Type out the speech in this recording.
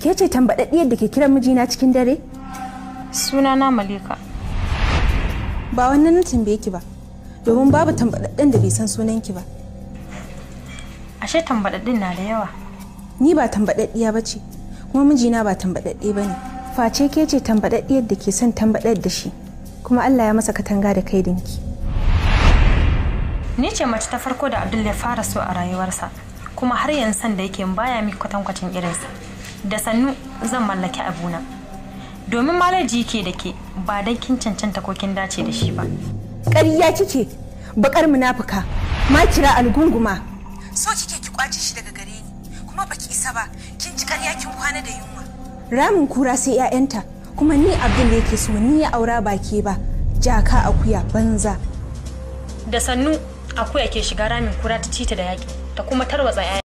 Ke ce tambaɗaɗɗiyar da ke kiran mijina cikin dare? Sunana Malika. Ba wannan na tambaye ki ba, domin babu tambaɗaɗɗen da bai san sunan ki ba. Ashe tambaɗaɗɗin na da yawa. Ni ba tambaɗaɗɗiya ba ce, kuma mijina ba tambaɗaɗɗe ba ne. Face ke ce tambaɗaɗɗiyar da ke son tambaɗar da shi, kuma Allah ya masa katanga da kai dinki. Ni ce mace ta farko da Abdul ya fara so a rayuwarsa, kuma har yanzu san da yake baya mi kwatankwacin irinsa. da sannu zan mallaki abuna domin malaji ke da ke ba dan kin cancanta ko kin dace da shi ba ƙarya kike bakar munafuka ma kira algunguma so kike ki kwace shi daga gare ni kuma baki isa ba kin ji ƙarya kin kwana da yunwa ramin kura sai 'ya'yanta kuma ni abin da yake so ni ya aura baki ba jaka akuya banza da sannu akuya ke shiga ramin kura ta cita da yaƙi ta kuma tarwatsa 'ya'ya